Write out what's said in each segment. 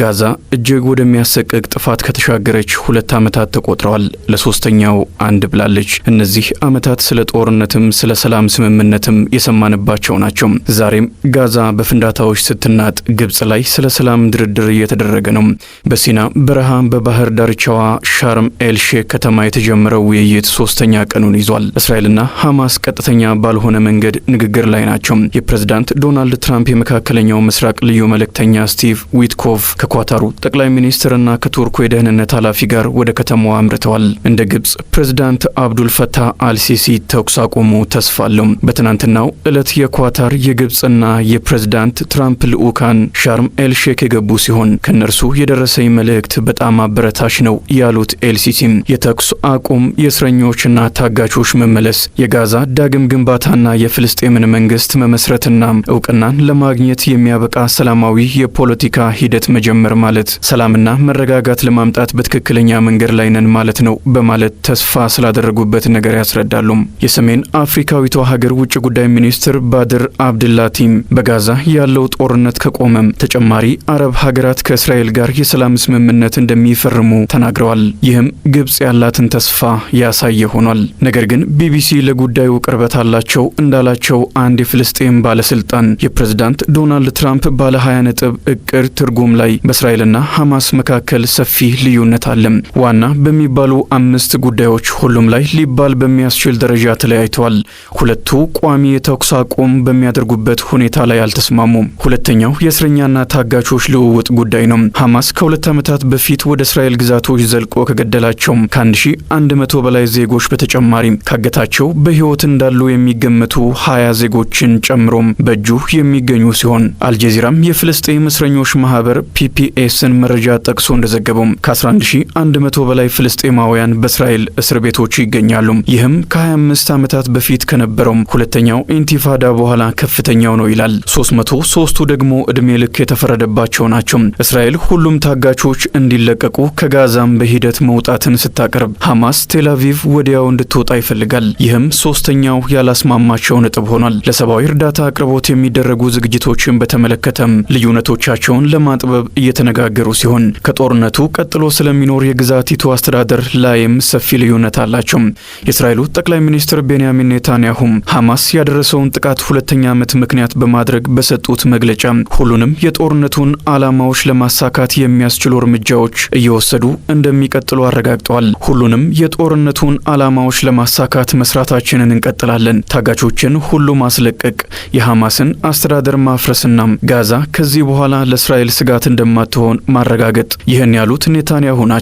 ጋዛ እጅግ ወደሚያሰቅቅ ጥፋት ከተሻገረች ሁለት ዓመታት ተቆጥረዋል። ለሶስተኛው አንድ ብላለች። እነዚህ ዓመታት ስለ ጦርነትም ስለ ሰላም ስምምነትም የሰማንባቸው ናቸው። ዛሬም ጋዛ በፍንዳታዎች ስትናጥ፣ ግብጽ ላይ ስለ ሰላም ድርድር እየተደረገ ነው። በሲና በረሃ በባህር ዳርቻዋ ሻርም ኤልሼ ሼክ ከተማ የተጀመረው ውይይት ሶስተኛ ቀኑን ይዟል። እስራኤልና ሐማስ ቀጥተኛ ባልሆነ መንገድ ንግግር ላይ ናቸው። የፕሬዝዳንት ዶናልድ ትራምፕ የመካከለኛው ምስራቅ ልዩ መልእክተኛ ስቲቭ ዊትኮቭ ከኳታሩ ጠቅላይ ሚኒስትርና ከቱርኩ የደህንነት ኃላፊ ጋር ወደ ከተማዋ አምርተዋል። እንደ ግብጽ ፕሬዝዳንት አብዱልፈታህ አልሲሲ ተኩስ አቁሙ ተስፋ አለው። በትናንትናው ዕለት የኳታር የግብጽና የፕሬዝዳንት ትራምፕ ልዑካን ሻርም ኤልሼክ የገቡ ሲሆን ከእነርሱ የደረሰኝ መልእክት በጣም አበረታች ነው ያሉት ኤልሲሲም የተኩስ አቁም፣ የእስረኞችና ታጋቾች መመለስ፣ የጋዛ ዳግም ግንባታና የፍልስጤምን መንግስት መመስረትና እውቅናን ለማግኘት የሚያበቃ ሰላማዊ የፖለቲካ ሂደት መጀመ መጀመር ማለት ሰላምና መረጋጋት ለማምጣት በትክክለኛ መንገድ ላይ ነን ማለት ነው በማለት ተስፋ ስላደረጉበት ነገር ያስረዳሉም። የሰሜን አፍሪካዊቷ ሀገር ውጭ ጉዳይ ሚኒስትር ባድር አብድላቲም በጋዛ ያለው ጦርነት ከቆመም ተጨማሪ አረብ ሀገራት ከእስራኤል ጋር የሰላም ስምምነት እንደሚፈርሙ ተናግረዋል። ይህም ግብጽ ያላትን ተስፋ ያሳየ ሆኗል። ነገር ግን ቢቢሲ ለጉዳዩ ቅርበት አላቸው እንዳላቸው አንድ የፍልስጤም ባለስልጣን የፕሬዝዳንት ዶናልድ ትራምፕ ባለ 20 ነጥብ እቅድ ትርጉም ላይ በእስራኤልና ሐማስ መካከል ሰፊ ልዩነት አለ። ዋና በሚባሉ አምስት ጉዳዮች ሁሉም ላይ ሊባል በሚያስችል ደረጃ ተለያይተዋል። ሁለቱ ቋሚ የተኩስ አቁም በሚያደርጉበት ሁኔታ ላይ አልተስማሙም። ሁለተኛው የእስረኛና ታጋቾች ልውውጥ ጉዳይ ነው። ሐማስ ከሁለት ዓመታት በፊት ወደ እስራኤል ግዛቶች ዘልቆ ከገደላቸውም ከ1100 በላይ ዜጎች በተጨማሪም ካገታቸው በሕይወት እንዳሉ የሚገመቱ 20 ዜጎችን ጨምሮም በእጁ የሚገኙ ሲሆን አልጀዚራም የፍልስጤም እስረኞች ማህበር ፒ ሲፒኤስን መረጃ ጠቅሶ እንደዘገበውም ከ11100 በላይ ፍልስጤማውያን በእስራኤል እስር ቤቶች ይገኛሉ። ይህም ከ25 ዓመታት በፊት ከነበረውም ሁለተኛው ኢንቲፋዳ በኋላ ከፍተኛው ነው ይላል። 303ቱ ደግሞ ዕድሜ ልክ የተፈረደባቸው ናቸው። እስራኤል ሁሉም ታጋቾች እንዲለቀቁ ከጋዛም በሂደት መውጣትን ስታቀርብ ሐማስ ቴላቪቭ ወዲያው እንድትወጣ ይፈልጋል። ይህም ሶስተኛው ያላስማማቸው ነጥብ ሆኗል። ለሰብአዊ እርዳታ አቅርቦት የሚደረጉ ዝግጅቶችን በተመለከተም ልዩነቶቻቸውን ለማጥበብ እየተነጋገሩ ሲሆን ከጦርነቱ ቀጥሎ ስለሚኖር የግዛቲቱ አስተዳደር ላይም ሰፊ ልዩነት አላቸው። የእስራኤሉ ጠቅላይ ሚኒስትር ቤንያሚን ኔታንያሁም ሐማስ ያደረሰውን ጥቃት ሁለተኛ ዓመት ምክንያት በማድረግ በሰጡት መግለጫ ሁሉንም የጦርነቱን ዓላማዎች ለማሳካት የሚያስችሉ እርምጃዎች እየወሰዱ እንደሚቀጥሉ አረጋግጠዋል። ሁሉንም የጦርነቱን ዓላማዎች ለማሳካት መስራታችንን እንቀጥላለን። ታጋቾችን ሁሉ ማስለቀቅ፣ የሐማስን አስተዳደር ማፍረስና ጋዛ ከዚህ በኋላ ለእስራኤል ስጋት እንደ እንደማትሆን ማረጋገጥ ይህን ያሉት ኔታንያሁ ናቸው።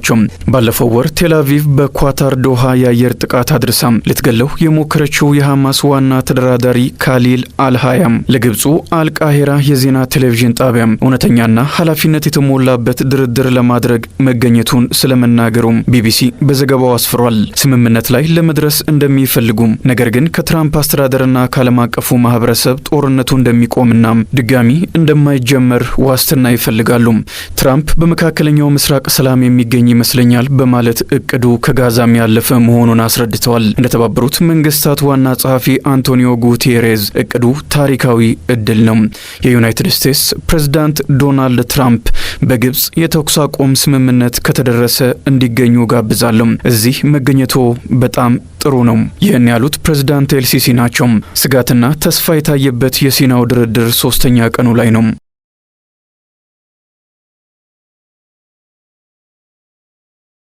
ባለፈው ወር ቴላቪቭ በኳታር ዶሃ የአየር ጥቃት አድርሳም ልትገለው የሞከረችው የሐማስ ዋና ተደራዳሪ ካሊል አልሃያም ለግብፁ አልቃሄራ የዜና ቴሌቪዥን ጣቢያም እውነተኛና ኃላፊነት የተሞላበት ድርድር ለማድረግ መገኘቱን ስለመናገሩም ቢቢሲ በዘገባው አስፍሯል። ስምምነት ላይ ለመድረስ እንደሚፈልጉም ነገር ግን ከትራምፕ አስተዳደርና ከዓለም አቀፉ ማህበረሰብ ጦርነቱ እንደሚቆምና ድጋሚ እንደማይጀመር ዋስትና ይፈልጋሉ። አይደሉም። ትራምፕ በመካከለኛው ምስራቅ ሰላም የሚገኝ ይመስለኛል በማለት እቅዱ ከጋዛም ያለፈ መሆኑን አስረድተዋል። እንደተባበሩት መንግስታት ዋና ጸሐፊ አንቶኒዮ ጉቴሬዝ እቅዱ ታሪካዊ እድል ነው። የዩናይትድ ስቴትስ ፕሬዝዳንት ዶናልድ ትራምፕ በግብጽ የተኩስ አቁም ስምምነት ከተደረሰ እንዲገኙ ጋብዛለሁ። እዚህ መገኘቶ በጣም ጥሩ ነው። ይህን ያሉት ፕሬዝዳንት ኤልሲሲ ናቸው። ስጋትና ተስፋ የታየበት የሲናው ድርድር ሶስተኛ ቀኑ ላይ ነው።